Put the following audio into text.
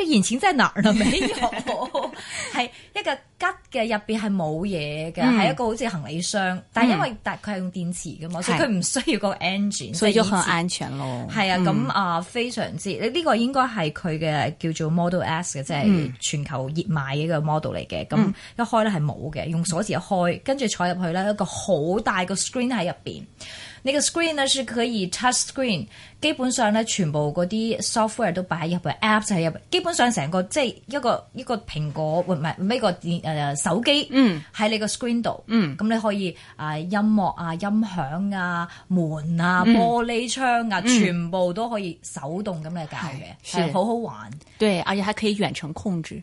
啲現錢真係哪度冇？係一個吉嘅，入邊係冇嘢嘅，係、嗯、一個好似行李箱，但係因為但佢係用電池嘅嘛、嗯，所以佢唔需要個 engine，所以就好安全咯。係啊，咁、嗯、啊非常之，你、這、呢個應該係佢嘅叫做 Model S 嘅，即係全球熱賣嘅一個 model 嚟嘅。咁、嗯、一開咧係冇嘅，用鎖匙一開，跟住坐入去咧，一個好大個 screen 喺入邊。你個 screen 呢，是可以 touch screen，基本上咧全部嗰啲 software 都擺入去 app 就喺入邊。基本上成個即係一個一個蘋果或唔係咩個電誒、呃、手機在，喺你個 screen 度。咁你可以啊、呃、音樂啊音響啊門啊、嗯、玻璃窗啊，嗯、全部都可以手動咁嚟搞嘅，係好好玩。對，而且還可以遠程控制。